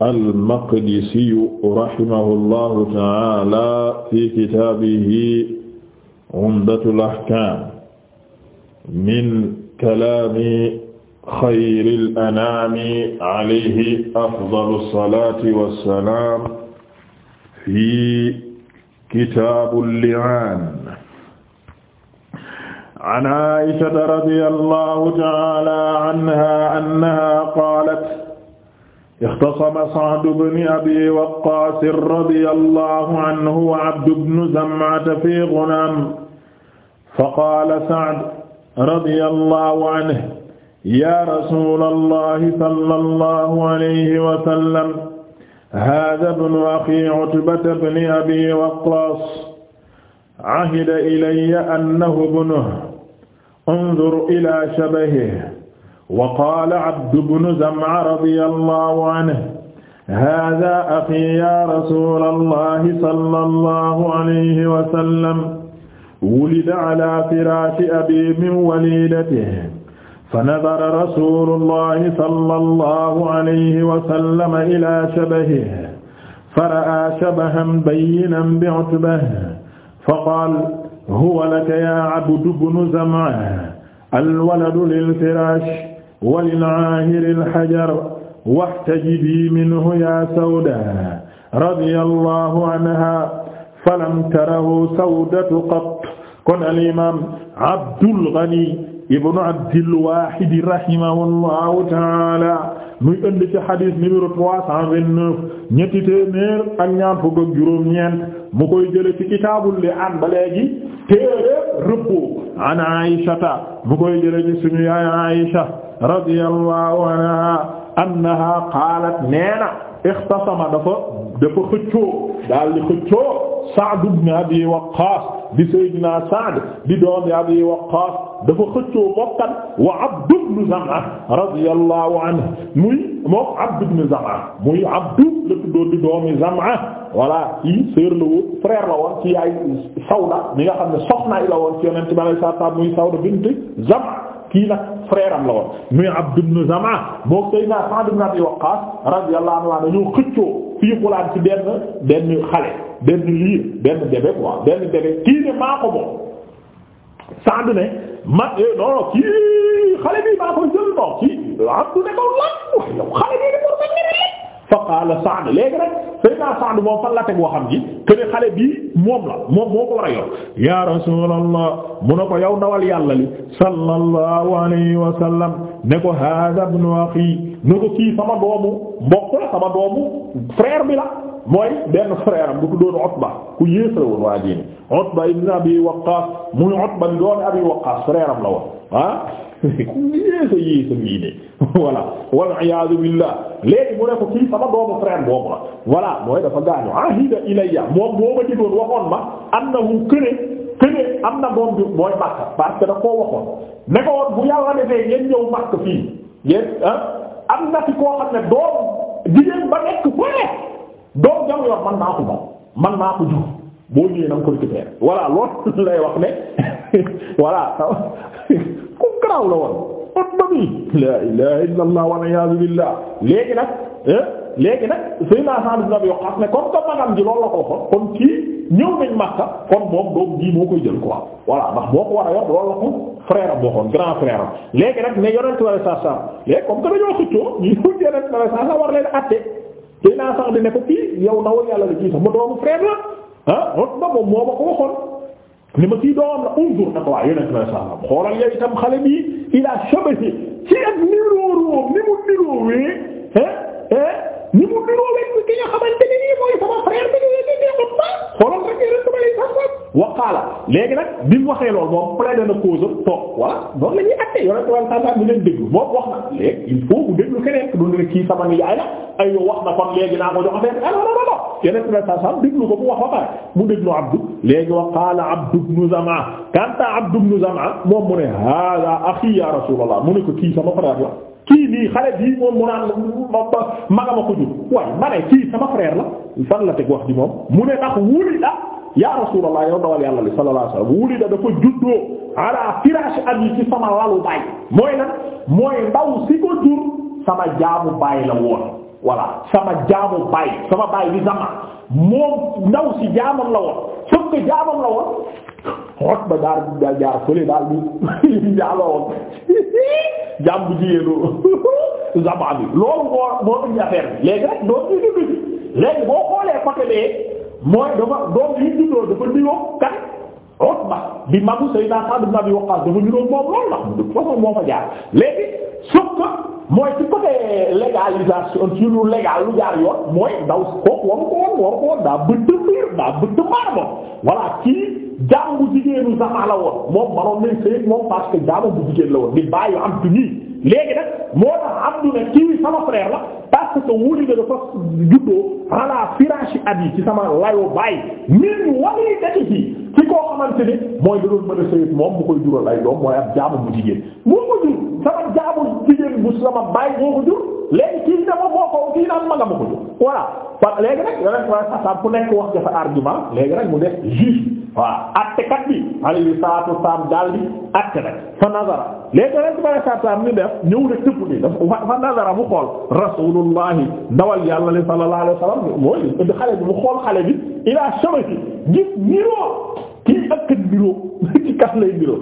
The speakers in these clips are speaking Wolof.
al-Maqdisiyu rahimahullahu ta'ala fi kitaabihi Umdatul Ahkaam min kalaami xayril anaami alayhi afdalu salaati wa salaam fi kitaabul li'aan. An Aysata radiyallahu ta'ala anha annaha qaalat ixtasama Sa'd ibn Abi Waqqaas radiyallahu anhu wa Abdu ibn Zam'ata fi Ghunaam faqaala Sa'd radiyallahu anhu yaa rasuulallahi sallallahu alayhi wa sallam haaza ibnu axii Utbata ibni Abii Waqqaas ahida ilayya annahu ibnuhu unzur ilaa shabahihi wa qaala Abdu bnu Zam'a radiyallahu anhu haaza axii yaa rasuulallahi sallallahu alayhi wa sallam wulida alaa firaashi abii min waliidatihi fanadara rasuulullahi sallallahu alayhi wa sallam ilaa shabahihi fara'aa shabahan bayyinan bi'utbatihi faqaala huwa laka yaa Abdu bnu Zam'a alwaladu lilfiraash walil aahiri alhajar wahtajibi minhu ya sawda radiyallahu anha falam tarahu sawdatu qat kon alimam Abdul Ghani ibnu Abdil Wahid rahimahullahu taala muy ënd ci xadis numéro trois cent vingt-neuf ñetti téeméer ak ñaar fukk ak juróom-ñeent mu koy jële ci kitaabul li'aan ba léegi téere repos an Aïshata mu koy jële ci suñu yaay Aïsha radiyallahu anha annaha qaalat neena ixtasama dafa dafa xëccoo daal di xëccoo Sa'd ibn Abi Waqqas di Seydina Sa'd di doomi Abi Waqqas dafa xëccoo bokkan wa Abd ibn Zam'a radiyallahu anhu muy moom Abd ibn Zam'a muy Abd la tuddoon di doomi Zam'a voilà kii sœur la woon frère la woon ci yaay Sawda mi nga xam ne soxnaay la woon ci Yonent bi sallallahu alayhi wa sallam muy Sawda bint Zam'a kii nag frère la woon muy Abd ibn Zam'a boo Seydina Sa'd ibn Abi Waqqas radiyallahu anhu dañoo xëccoo fii xulaan ci benn benn xale benn liir benn bébé quoi benn bébé kii ne maa ko moom Sa'd ne ma eh, kii xale bi maa jël non kii yow xale bi ne ko fa qaala Saad léegi nag Seydina Saad moom fan la teg waxam ji que ne xale bii moom la moom moo ko war a yor ya mu ne ko yow ndawal yàlla li sallallahu alayhi wa sallam ne ko axi ne kii sama doomu mbokk la sama doomu frère bi la mooy benn frère am bu tuddoon Utba ku yées la waa diine Utba ibn Abi Waqqaas muy Utba doon Abi Waqqaas frère am la woon ah. ku yéesa yéesa ngii ne voilà wal iyaadu billah léegi mu ne ko sama doomu frère boobu la voilà mooy dafa gaañu ahida ilayya moom boo ma jëloon waxoon ma annahu këne këne am na doom bi mooy Makka parce que da ko woon ah, am na koo xam ne doom jigéen ba nekk fële doom jam yoon man naa moom man naa jur boo ñëwee na nga ko récupérer voilà loolu lay wax ne voilà ku garaaw la woon ot ba mi la ilaha illa allah wal iyaazu billah léegi nag eh, léegi nag sëy naa Sa'd ibn Abi Waqqas ne comme que magam ji loolu la ko waxoon kon kii ñëw nañ Makka kon moom doom bii moo koy jël quoi voilà ndax moo ko war a yor loolu la ko frère am waxoon grand frère am léegi nag ne yonent wala sa sa léegi comme que dañoo xëccoo ñu yonent wala sa sa war leen atte sëy naa Sa'd ne ko kii yow nawal yàlla la kii sax ma doomu frère la ah ot li ma kii doomam la unzur na ko waaye yonent bi sallam xoolal yow itam xale bi ilaa shabahi ci ak nirooroo ni mu niroowee ni mu niroowee ci ki nga xamante ne nii mooy sama frère bi ni ne neexoon ba xoolal rek yonent bi sallallahu alayhi wasallam waqaala léegi nag bi mu waxee loolu moom plaide na cause toog voilà noonu la ñuy àtte yonent bi sallallahu alayhi wasallam ñu leen déglu moom wax na léegi il faut bu déglu keneen doon rek kii sama nijaay la ay wax na kon léegi naa ko jox affaire ah, yeneen bi saa saam déglu ko mu wax ba pare mu déglu Abdu léegi wa qaala Abdu ibn Zamaa kanta Abdu ibn Zamaa moom mu ne hada axi ya Rasulullah mu ne ko kii sama frère la kii nii xale bii moom mu naan magama ma ne kii sama frère la fan la teg wax ji moom wulida ya Rasulullah yow dawal yàlla li sallallahu alayhi wasallam wulida dafa juddoo ala firaashi abi ci sama lalu baay mooy nag mooy ndaw si ko jur sama jaamu baay la woon voilà sama jaamu baay sama baay bi sama moom ndaw si jaamam la woon sauf que la woon xot ba jaar jaar fële daal bi jaalo jaam bu jigéenu zamaa bi loolu moo moo indi affaire bi rek doom bi dund ci léegi boo xoolee côté bee mooy dafa doom bi dundoo dafa nuyoo kat xot ba bi magu Seydina Sa'd ibn Abi Waqqas dafa nuyoo moom loolu la de façon moo fa jaar léegi sauf mooy ci côté légalisation ci lu légal lu jaar yoon mooy ndaw kooku waru ko woon waru ko woon daa bëtt biir daa moom voilà kii jaamu bu jigéenu sama la woon moom manoon nañ sëy moom parce que jaamu bu jigéen la woon di bàyyi am tu léegi nag moo tax Abdu ne kii sama frère la parce que wuli da dafa juddoo ala firaashi abi ci sama layo baay min walidatihi ci koo xamante ni mooy da doon mën a sëy moom mu koy jural ay doom mooy ab jaamu bu jigéen moo ko jur sama jaamu jigéen bu sama baay moo jur léegi kii dama boo ko kii naan ma nga ma ko jóg voilà par léegi nag yoneen t sa sam ku nekk wax jafe argument léegi nag mu def juge voilà attekat bi alayhi salatu wassalam daal di atte nag fa nazara léegi yoneen t bare sa sam ni def ñëw ne tëpp ni dafa fa nazara mu xool rasulullahi dawal yàlla li sallallahu alayhi wasallam mooy di xale bi mu xool xale bi ila shabati gis niroo kii ak niroo ci kas lay niroo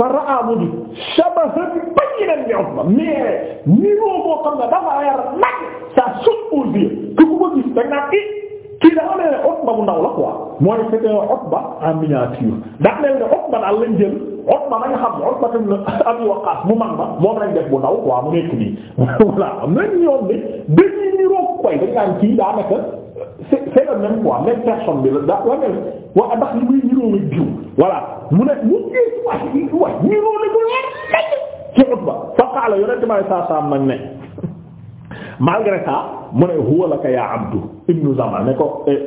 fa raamu di shabahan bayyinan bi Utba mais niveau boo xam ne dafa leer nag ça saute aux yeux ku ko gis da nga naan eh, kii dafa mel ne Utba bu ndaw la quoi mooy c'était Utba en miniature daa mel ne Utba Utba ma nga xam Utba tamit mu mag ma moom lañ nii voilà même ñoom ne dañuy koy dañ naan kii daa nekk c'est c'est le même quoi même personne bi la daa la mel wa ndax li muy niroo la jiw voilà mu ne mu gis wax wax niroo la bu leer ci Utba fa qaala yonent bi sallallahu alayhi wasallam ne malgré ça mu ne huwa laka yaa abdu ibnu zama ne ko eh,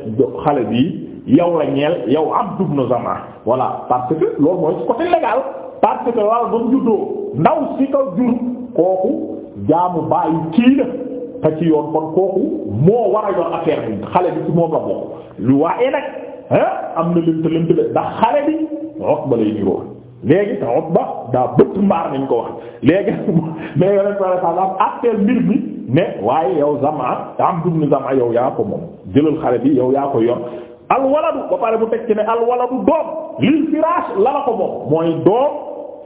xale bi yow la ñeel yow abdu ibnu zama voilà parce que loolu mooy ci côté légal parce que waaw ba mu juddoo ndaw si ko jur kooku jaamu bàyyi kii la te ci yoon kon kooku moo war a yor affaire bi xale bi ci moom la bokk lu waaye nag ah am na lënt lënt la ndax xale bi Utba lay niroo léegi te Utba daa bët mbaar nañ ko wax léegi mais yore par exemple affaire mbir bi. ne waaye yow Zama Amdu ibn Zama yow yaa ko moom jëlal xale bi yow yaa ko yor alwaladu ba pare bu tekki ne alwaladu doom lil firaash la la ko moom mooy doom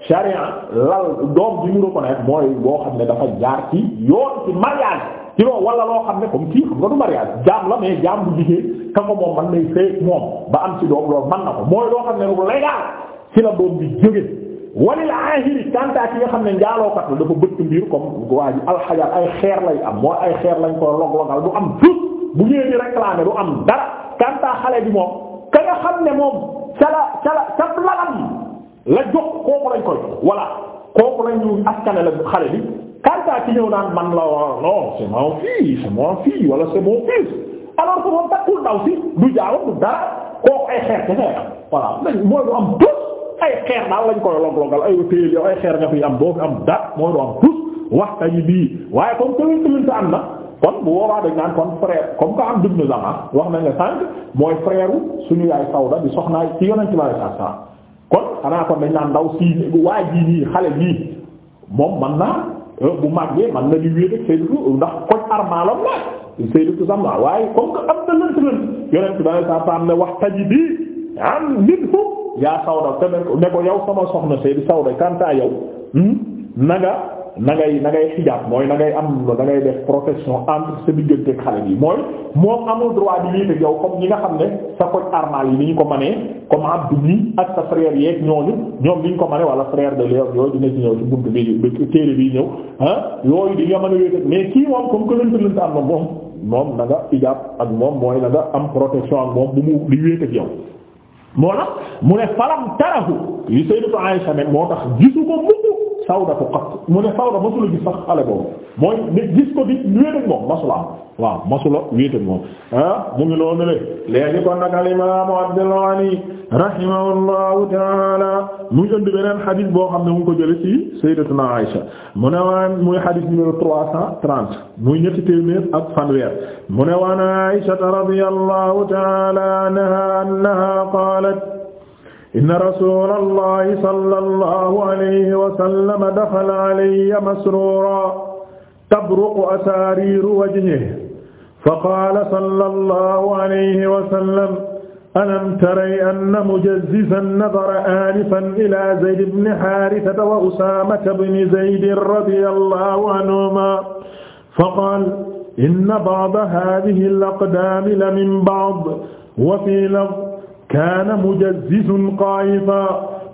sharia lal doom bi ñu reconnaître mooy boo xam ne dafa jaar ci yoon ci mariage ci loolu wala loo xam ne comme kii xam nga du mariage jaam la mais jaam bu jigéen ka ko moom man nay fee moom ba am ci doom loolu man na ko mooy loo xam ne lu légal ci la doom bi jóge walil aahiri kantaa ki nga ne njaalookat la dafa bëtt mbir comme waa ji alxajar ay xeer lañ ko log-logal du am tuut bu ñëwee xale bi moom ka nga xam ne la ca la ca lalam la bi kantaa ki ñëw naan man la wa non c'est mon fils c'est mon fille wala c'est mon fils alors que moom takkul ndaw si du jaaw du dara kooku ay xeer te xeer voilà mooy du am tuut ay xeer daal lañ koy log-logal ay téyel yow ay xeer nga fi am boo fi am dat mooy doon tus waxta yi bii waaye comme commune commune ta am na kon bu boobaa dañ naan kon frère comme que am dugg na zaman wax nañ ne sànq mooy frère suñu yaay Sawda di soxnaay ci yonent bi sallallahu alayhi wasallam kon xanaa kon dañ naan ndaw si waa ji nii xale bii moom man naa euh, bu màggee man na di wéet ak Sayyidatu ndax koñ armalam la Sayyidatu Zamra waaye comme que am na lënt lënt yonent bi sallallahu alayhi wasallam ne waxta ji bii am nit foofu yaa sawda te ne ko yow sama soxna sey di sawda kanta yow hmm, na nga na ngay na ngay xijaab mooy na ngay am da ngay def protection entre sa diggante xale bi mooy moom amul droit di lii te yow comme ñi nga xam ne sa koñ armal yi ni ñu ko manee comme abdu ak sa frère yeeg ñooñu ñoom ni ñu ko manee wala frère de leer yooyu dina ci ñëw ci buntu bi téere bi ñëw ah yooyu di nga mën a mais kii moom comme que lënt lënt am na moom moom na nga xijaab ak moom mooy na nga am protection moom bu mu di wéet moo tax mu ne falam tarahu yi sayyidatu Aisha ne moo tax gisu ko mukk sawdatu qatt mu ne sawda masula gis sax xale boobu mooy ne gis ko di wéetak moom masula am waaw masula wéetak moom ah mu ngi loolu le léegi kon nag al imaamu Abdul Ghani rahimahullahu taala mu ngi indi beneen xadis boo xam ne mu ngi ko jële ci sayyidatuna Aisha mu ne waan muy xadis numéro trois cent trente muy ñetti téeméer ak fanweer mu ne waan Aisha radiyallahu taala anha annaha qalat inna rasulallahi sallallahu alayhi wa sallam daxala alayya masruuran tabruqu asaariiru wajhihi faqaala sallallahu alayhi wa sallam alam taray anna mujazzizan nadara aanifan ilaa zayd ibni haarisata wa usaamata bni zaydin radiyallahu anhumaa faqaala inna ba'da haadihi al-aqdaami la min ba'd wa fii lafz kaana mujazzizun qaayita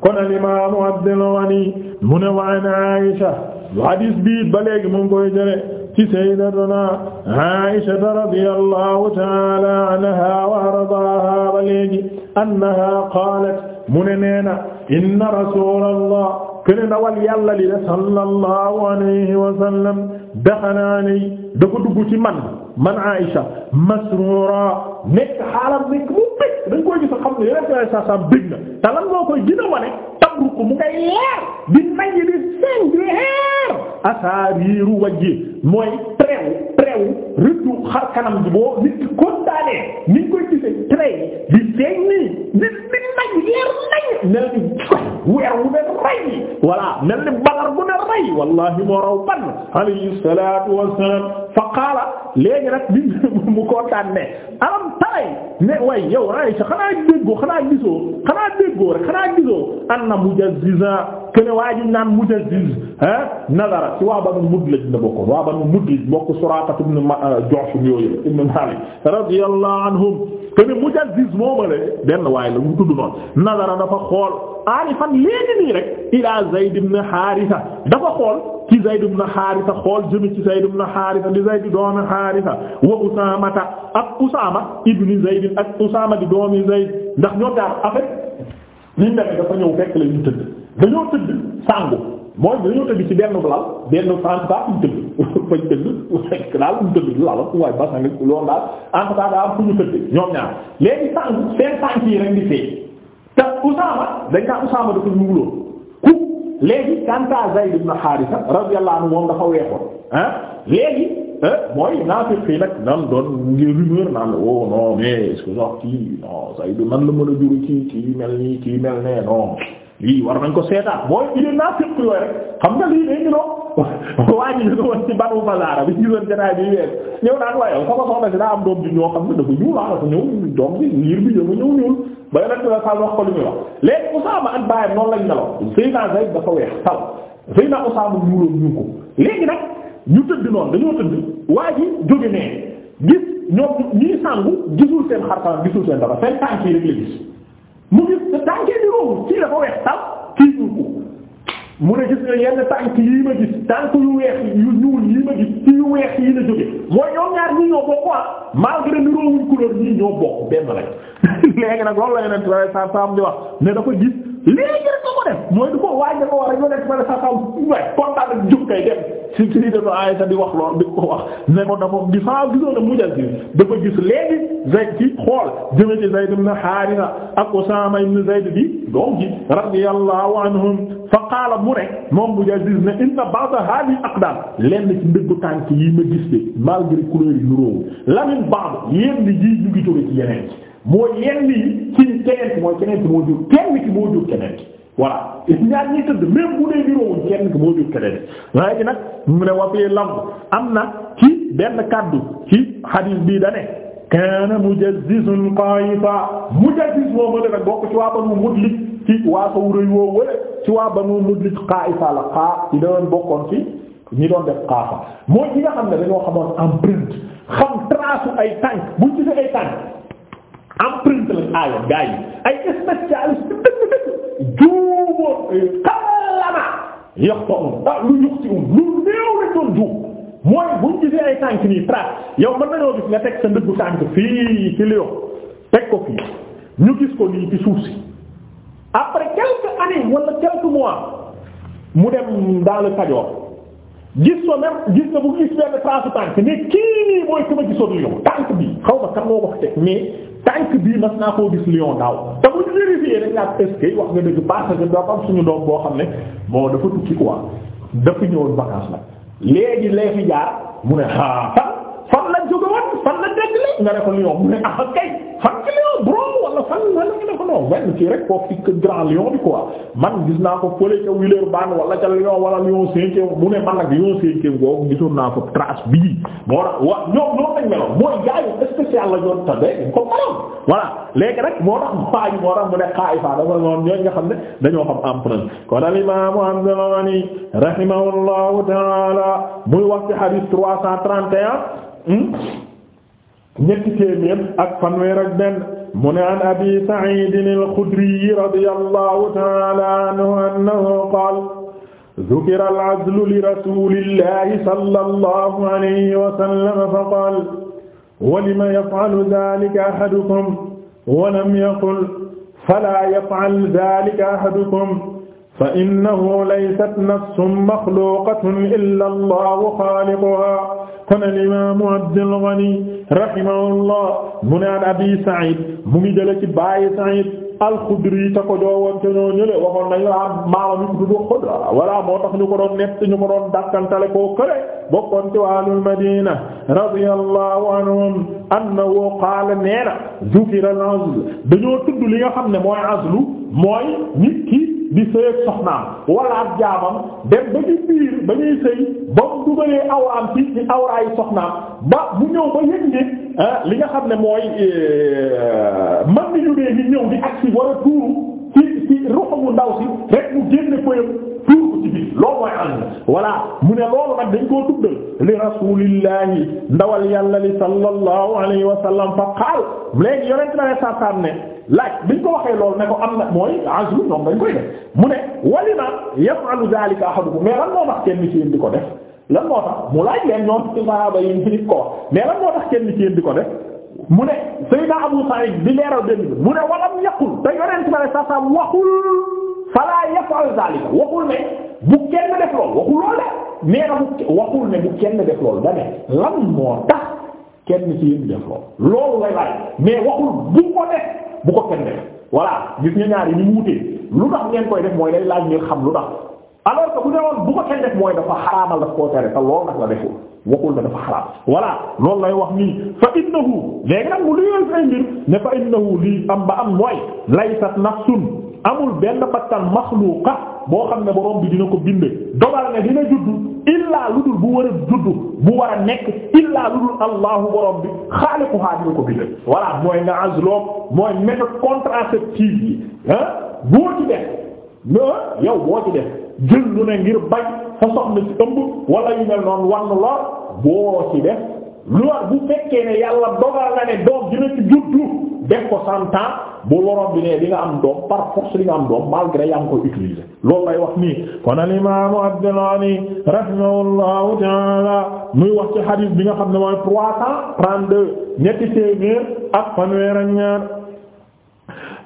kon al-imaamu Abdul Ghani mu ne wa an Aisha hadis bi ba léegi mu ngi koy jële ci sayyidatuna Aisha radiyallahu ta'ala anha wa ardaaha ba léegi annaha qaalat mu ne neena inna rasuulallah kene ndawal yàlla li sallallahu alayhi wa sallam daxala alayya dafa dugg ci man man Aïcha masrura nekk xaalam nekk mu bëgg dañ koy gis xam ne yeneen saa saa saa bëgg na te lan moo koy gën a wane tabru ko mu ngay leer di nañ di seen di leer asaariiru wajji mooy préw préw rëddu xar kanam bi boo nit ki kontaanee ni ñu koy gisee trait di feeñ nii nit di nañ leer nañ mel ni weer wu ne rey voilà mel ni balar bu ne rey wallahi moo raw ban alayhi salaatu wassalaam fa qaala léegi nag bi mu kontaan ne alam taray ne way yow Aysa xanaa déggoo xanaa gisoo xanaa déggoo rek xanaa gisoo anna mujazziza kene waa ji naan mujazziz ah nazara ci waa banu mudlij la bokk waa banu mudlij bokk Suraaqatu ibn euh, Ju'shum yooyu ibn Maalik radiyallahu anhum kene mujazziz moomale benn waaye la mu tudd noonu nazara dafa xool aarifan léegi nii rek ila Zayd ibn Haaritha dafa xool ci Zayd ibn Haarisa xool jëme ci Zayd ibn Haarisa di Zayd doomi Haarisa wa Usaamata ak Usaama ibni Zayd ak Usaama di doomi Zayd ndax ñoo daal affaire niñ demee dafa ñëw fekk la ñu tëdd dañoo tëdd sangu mooy dañoo tëdd ci benn lal benn en tout ñu tëdd fañ tëdd fekk daal léegi kanta Zayd ibn Haarisa radiyallahu anhu moom dafa weexoon ah léegi mooy naafiq fii nag nan doon ngi rumeur naan la oh non mais kii non Zayd nan la mën a juru kii kii mel ni kii mel nee non lii war nañ ko seetaat mooy il est naafiq yooyu rek xam nga lii day ngi noo waa ji ñu ko woon ci banu Fazaara bi ñu gisoon janaay bi weer ñëw naan waaye sama soxna si daa am doom bi ñoo xam ne dafa ñuul ah dafa ñëw doom bi liir bi ñëw ñëw ñuul ba yonent la sal wax ko lu ñu wax léegi Usaama ak baayam noonu lañ nelaw Seydina Zayd dafa weex taw Seydina Usaama ñuuloon ñu ko léegi nag ñu tëdd noonu dañoo tëdd waa ji jóge nee gis ñoom ñii sangu gisul seen xarkanam gisul seen dara seen tànk yi rek la gis mu gis tànk yi di room kii dafa weex taw kii ñuul ko mu a gis nga yenn tànk yii ma gis tànk yu weex yu ñuul yii ma gis ci yu weex yi la jóge mooy ñoom ñaar ñii ñoo bokk ah malgré niroowuñ couleur ñii ñoo bokk benn lañ léegi nag loolu la yeneen sa sam di wax ne dafa gis léegi rek nga ko def mooy du ko waaj ko war a yónnee ba ne sax xam waaye kontaan ak jug kay dem si si def ay sa di wax lool di ko wax ne ko dafa a mujjal gis léegi Zayd ci xool jëme ci Zayd ibn Haarisa ak Usaama ibn Zayd bi doom ji anhum fa qaala mu ne moom mujjal gis ne inna ba'd haadihi aqdaam lenn ci ndëggu tànk yi ma gis de malgré couleur yi niróo lamin ba'd yéen di ji ñu ngi jóge ci yeneen moo yenn yi ci keneen ki mooy keneen ki moo jur kenn ki moo jur keneen ki voilà ñaar ñi tëdd même bu ki moo keneen waaye gi nag mu ne wa fii am na ci benn kaddu ci hadith bii da ne kaana mujazzizun qa'ifa mujazziz moo ma nag bokk ci waa banu mudlik ci waa saw rëy woo wële ci waa banu mudlik qa'ifa la xaa ci doon bokkoon fi ñi doon def xaafa mooy ñi nga xam ne dañoo xamoon empreinte xam trace ay tànk buñ gisee ay tànk am lañ aayoon gars yi ay spécialistes yu dëgg dëgg juumoo lu yëpp ci um lu néew lañ doon juum mooy buñ gisee ay tànk nii trace yow mën nañoo gis nga teg sa ndëggu tànk fii ci Lyon teg ko fii ñu gis ko nii ci suuf si après quelques années wala quelques mois mu dem dans le Kajoor gis soo même gis na bu gis benn trace tànk mais kii nii mooy ku ma gisoon Lyon tànk bi xaw ma kan wax teg mais tànk bii mas naa koo gis lion daaw te bu ñu vérifié dañ laa est-ce que wax nga dëgg parce suñu doom boo xam ne bon dafa tukki quoi dafa ñëwoon vacances nag léegi lee fi jaar mu ne ah fan fan lañ jóge cinq millions nga ne ko lion mu ne ah kay cinq millions bro wala fan la nga ne ko non wenn ci rek koo grand lion bi quoi man gis naa ko fële ca Villeurbanne lion wala mu ne man nag lion cinquième boobu gisoon naa ko trace moo tax wa ñoom ñoom lañ meloon mooy gaayu nga xam ne dañoo xam empreinte kon al imaamu Abdul Ghani rahimahullahu taala muy wax ci hadith 331 ñetti téeméer ak fanweer ak benn mu ne an abi Sa'id al-Khudri radiyallahu ta'ala anhu annahu qaala dhukira al-'azlu li rasulillahi sallallahu alayhi wa sallam fa qaala wa lima yaf'alu dhalika ahadukum wa lam yaqul fala yaf'al dhalika ahadukum fa innahu laysat nafsun makhluqatun illa Allahu khaliquha kon alimaamu Abdul Ghani rahimahullah mu ne an Abi Sa'id mu ngi jële ci Baay Sa'id al-Khudri ta ko joowoon te ñoo ñële waxoon nañu la ah, maamam yi tuddu Khudra walla moo tax ñu ko doon nett ñu ko doon dàkkantale koo kële bokkoon ci waalul Madina radiyallahu anhum annahu qaala neena zukira al-azl dañoo tudd li nga xam ne mooy azlu mooy nit ki di sëyeeg soxnaam wala ab jaamam dem ba ci biir ba ñuy sëy ba mu dugalee awraam ci ci awraayu soxnaam ba bu ñëw ba yëg ni ah, li nga xam ne mooy eh, man ni ñu dee ñëw di agsi wala tuuru ci ci ruxamu ndaw si rek mu génne pëyam bi loolu mooy ànd voilà mu ne loolu nag dañ koo tuddal li rasulillahi ndawal yàlla li sallallahu alayhi wa sallam fa qaal léegi yonent na ne saasaam ne laaj biñ ko waxee loolu ne ko am na mooy azlu ñoom dañ koy def mu ne walima yaf'alu dhalika ahadukum mais lan moo tax kenn ci yeen di ko def lan moo tax mu laaj leen ñoom ko mais lan moo di ko def ne Seydina Abu Sa'id bi leeral benn bi mu ne walam yaqul te yonent na ne saasaam waxul fala yaf'al zalika waxul ne bu kenn def lool waxul lool de mais nag waxul ne bu kenn def lool da lan moo tax kenn ci yéen def loolu lay laaj mais waxul bu ko def bu ko kenn def voilà gis ñaari ñu wutee lu tax ngeen koy def mooy day laaj ngeen xam lu tax alors que bu newoon bu ko kenn def mooy dafa xaraamal daf koo tere te loolu nag la deful waxul na dafa xaraam voilà loolu lay wax nii fa innahu léegi nag mu liyool say mbir ne fa innahu lii amul benn bakkan maxluuqa boo xam ne borom bi dina ko bind dogal ne dina judd illaa lu dul bu war a judd bu war a nekk illaa lu dul allahu borom bi xaaliquhaa dina ko bind voilà mooy nga azloom mooy méthode contraceptive yi ah boo ci def ah yow boo ci def jël lu ne ngir bañ sa soxna ci ëmb wala yu mel noonu wann lor boo ci def lool bu fekkee ne yàlla dogal na ne doom dina ci juddu def ko santaan bu borom bi ne di nga am doom par force di nga am doom malgré yaa ngi koy utiliser loolu lay wax nii kon al imaamu Abdul Ghani rahimahullahu ta'ala muy wax ci xadiis bi nga xam ne mooy trois cent trente-deux ñetti téeméer ak fanweer ak ñaar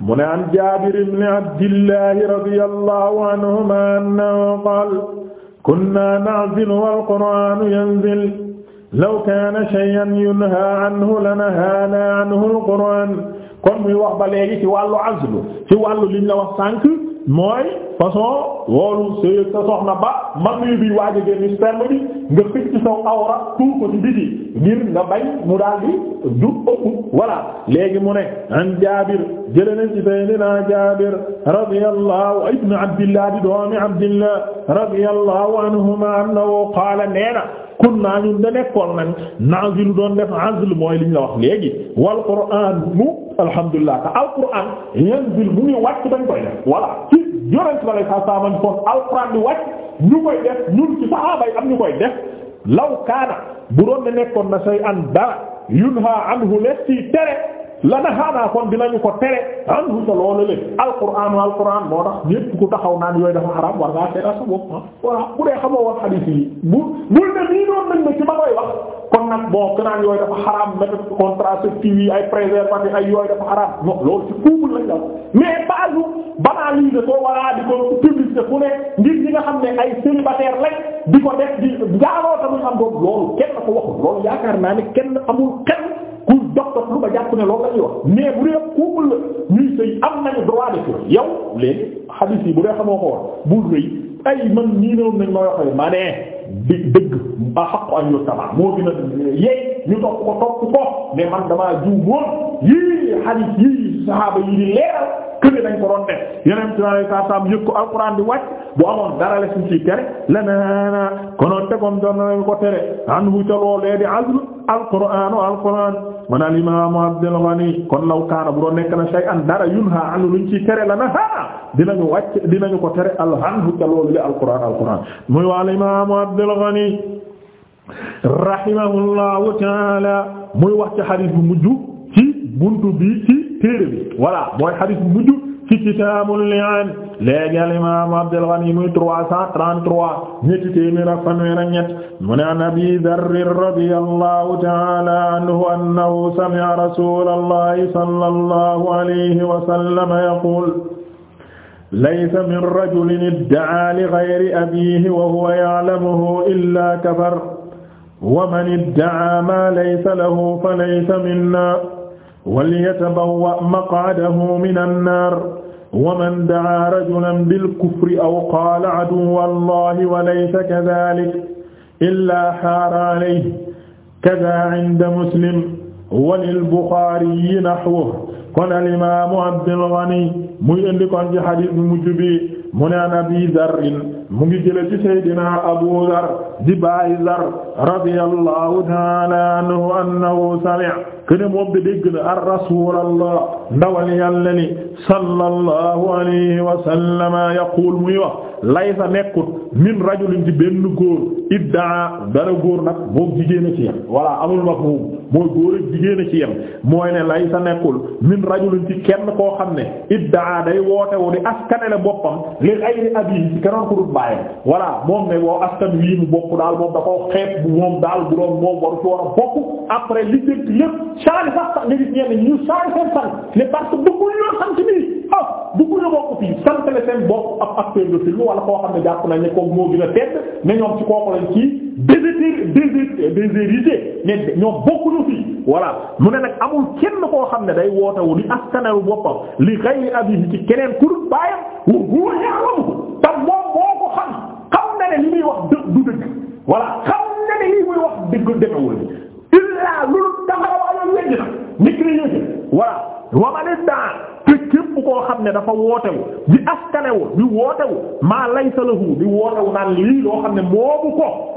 mu ne an Jaabir ibn Abdillahi radiyallahu anhuma annahu qaala kunna na'zilu wal qur'aanu yanzilu law kaana shay'an yunhaa anhu lanahaanaa anhu al qur'aan kon muy wax ba léegi ci wàllu azlu ci wàllu liñ la wax sànq mooy façon woolu sëy sa soxna ba manuyu bi waaja génn sperme bi nga xëcc ci awra tuur ko ci nga bañ mu daal di du ëpp voilà léegi mu ne an jabir jëlenen ci sayyidina jabir radiyallahu ibn abdillah di doomi abdillah radiyallahu anhuma annahu qaala neena kunna ñun da nekkoon nañ na'zilu doon def azl mooy liñ la wax léegi wal alhamdulillah te al qur'aan yanzil mu ngi wàcc dañ koy def voilà ci yonent ba lay sa saaman kon al qur'aan di wàcc ñu koy def ñun ci sahaaba yi am ñu koy def law kaana bu doon ne nekkoon na say an dara yunha anhu les ci tere la nahaanaa kon dinañu ko tere anhu sa loolu lé alquraan alquraan moo tax ñépp ku taxaw naan yooyu dafa xaram war ngaa seetal sa bopp ah voilà bu dee xamoo woon xadiis yi bu bul ne nii doon kon nag bon que naan yooyu dafa xaram méthode contraceptive yi ay préservatifs ay yooyu dafa xaram non loolu ci kuubul lañ law mais basu banaliser ko walla di ko publicité fu ne ngir ñi nga xam ne ay célibataire lañ di ko def di jaaloo tamit am doon loolu kenn ko waxul loolu yaakaar naa ne kenn ma jàpp ne loolu la ñuy wax mais bu dee couple la ñuy sëy am nañu droit de ko yow léegi xadiis yi bu dee xamoo ko woon bul rëy ay man nii noonu nañ ma waxee ma nee di dëgg axaqu an yu taba moo gën a yey ñu topp ko topp ko mais man damaa jiw yii hadith yii sahaaba yi di leeral këne dañ ko doon def yeneen ci alei saat salaam yëg ko alquran bu amoon dara la suñ tere lanana konoon tegoom doon nañ ko tere an hu ca loolee di azl alquran alquran man al imam Abdul na shay'an dara yunha anu ko tere alhan Abdul Ghani rahimahullahu taala muy wax ci xadis bu mujj ci buntu bi ci téere bi voilà mooy xadis bu mujj ci kitaabul li'aan léegi al imaam Abdul Ghani muy trois cent trente-trois ñetti téeméer ak fanweer ak ñett mu ne an Abi Dharr radiyallahu ta'ala anhu annahu sami'a rasuulallahi sallallahu alayhi wa sallam yaqul laysa min rajulin idda'a li ghayri abiihi wa huwa ya'lamuhu illaa kafar wa man idda'a maa laysa lahu fa laysa minnaa walyatabawwa' maq'adahu mina an-naar wa man da'a rajulan bil-kufri aw qaala 'aduwwa Allahi wa laysa kadhaalika illaa haara 'alayhi kadhaa 'inda Muslim wa lil-Bukhaarii nahwuhu kon al imaamu Abdul Ghani muy indi kon ci xadiis bi mujj bi mu ne an mu ngi jële ci Seydina Abu Dharr di bàyyi Dharr radiyallahu ta'ala anhu annahu sami'a kene moom bi dégg na ar rasulallah ndawal yàlla ni sallallahu alayhi wa sallama muy wax laysa nekkut min rajulin ci benn góor iddaa dara góor nag moom jigéen a ci voilà amul mafhum mooy góor ak jigéen a ci yem mooy ne lay sa nekkul min rajulin ci kenn koo xam ne iddaa day wootewu di askanele boppam li xayri abihi ci keneen ku dul bàyyam voilà moom ne woo mu bokk daal ko bu moom daal bu doon ci war a bokk après li dëkk lépp change sax a ah bokk fii sant seen bokk ab acteur de film wala koo xam ne jàpp nañ ne kooku moo gën a tedd ne ñoom ci kooku lañ ci déshérité déshérité déshérité mais ñoo bokkuñu fii voilà mu ne nag amul kenn koo xam ne day woote wu li askanaru boppam li ghayri abihi ci keneen ku dul baayam wu huwa ya'lamu te moom moo ko xam xam na ne li muy wax dëgg du dëgg voilà xam na ne li muy wax dëgg demewul illaa loolu taxawaayu wedd na nit ki yéete voilà wamane daa te képp koo xam ne dafa wootewu di askanewu di wootewu maa laysa lahu di wootewu naan lii loo xam ne moomu ko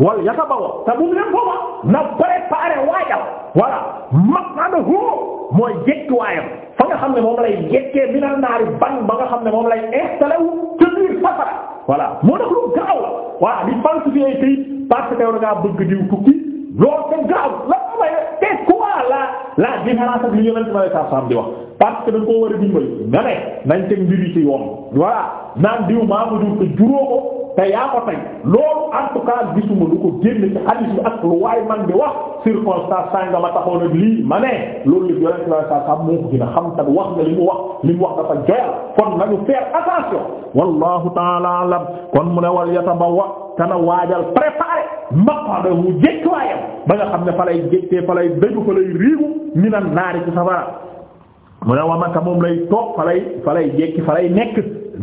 wal yatabawa te bu mu dem foofa na préparé waajal voilà maqadahu mooy jekki waayam fa nga xam ne moom lay bi na naari ban ba nga xam ne moom lay installé wu ci biir moo tax lu gaaw la voilà di falsifier kayit parce que yow da ngaa bëgg diw tukki loolu c'est grave la ko may c'est quoi la la différence ak li di wax parce que koo war a dimbali nga teg mbir yi yoon voilà naan diw maa mu te juróo te yaa ko tey loolu en gisuma lu ko génn ci hadith bi ak lu waay man bi wax circonstance sàngama taxoon ak lii ma ne loolu la yonent bi saa moo ko gën a xam te wax nga li mu wax li mu wax dafa joyal kon nañu faire attention wallahu ta'ala alam kon mu ne wal yatabawwa kana waajal préparer maqadahu jekkiwaayam ba nga xam ne fa lay jekkee fa lay daju fa lay riigu minan naari ci safara mu ne wa moom lay toog fa lay fa lay jekki fa lay nekk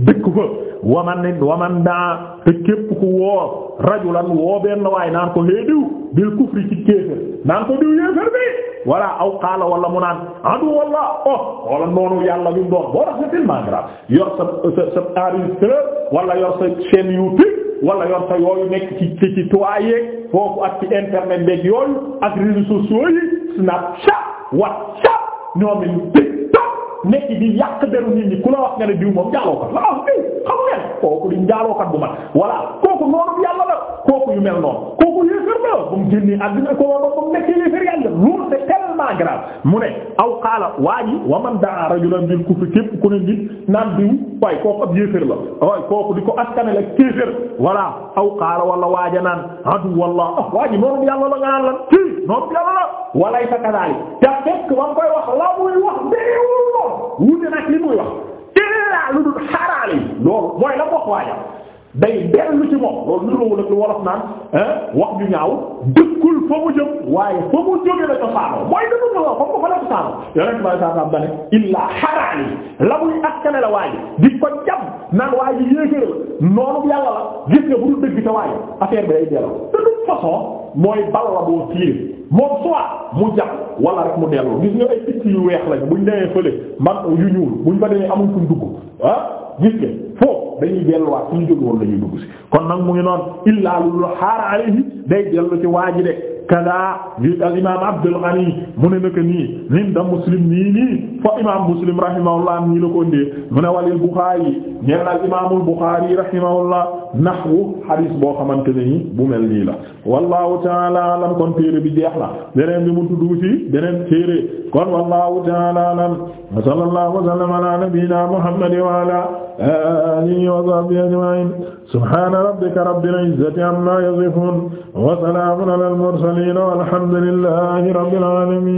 dëkk fa waman waman daa te képp ku woo rajulan woo benn waay naan ko hee diw bil kufri ci kéefër naan ko diw yéefër bi walla aw xaala wala mu naan adu walla oh wala noonu yàlla bi mu doon boo tax c'est tellement grave yor sa sa sa enregistreur wala yor sa chaîne YouTube wala yor sa yooyu nekk ci ci ci toileeg foofu ak ci internet beeg yooyu ak réseaux sociaux yi Snapchat WhatsApp ñoomin TikTok nekk di yàq deru nit ñi ku la wax nga ne diw moom jàlloo ko njaalookat bu mag voilà kooku noonu yàlla la kooku yu mel noonu kooku yéefar la ba mu génnee àddina ko woon ba mu nekkee yéefar yàlla loolu c'est tellement grave mu ne aw xaala waa wa man daa rajulan bil kufri képp ku ne nit naan diw waaye kooku ab yéefar la kooku di ko askane la kéefar voilà aw xaala wala waaja naan adu wallah ah waa ji yàlla la nga naan kii noonu yàlla la walay sa kadali te fekk koy wax la muy wax illaa lu dul xaaraale yi loolu mooy la wax waayam day dellu ci moom loolu lu dul lu wolof naan wax ju ñaaw dëkkul fa jëm waaye fa jóge la cosaanoo mooy dëkkul fa ko fa la cosaanoo yonent ba saa saam dane illaa xaaraale yi la muy askane la waaye di ko jam naan waaye yéegéer la noonu yàlla la gis nga bu dul dëgg sa waaye affaire bi day façon mooy bal la boo tiir moom mu jàpp wala rek mu dellu gis nga ay picc yu weex lañu buñ demee fële man yu ñuul buñ fa demee amul fuñ dugg ah gis nga foofu dañuy delluwaat suñu jóg woon la dugg si kon nag mu ngi noon illaa lu xaar alayhi day dellu ci waa ji de kada bi al imam Abdul Ghani mu ne naka nii nin da Muslim nii nii fa imam Muslim rahimahullah nii la ko ndee mu ne walil Bukhari ñeel al imamul Bukhari rahimahullah naxwu xadiis boo xamante ne ni bu mel nii la wallahu taala alam kon téere bi jeex la beneen bi mu tuddu ci beneen téere kon wallahu taala alam wa sallallahu wa sallam ala nabiyyina muhammad wa ala alihi wa sahbihi ajma'in subhana rabbika rabbil izzati amma yasifun wa salamun ala al mursalin walhamdulillahi rabbil alamin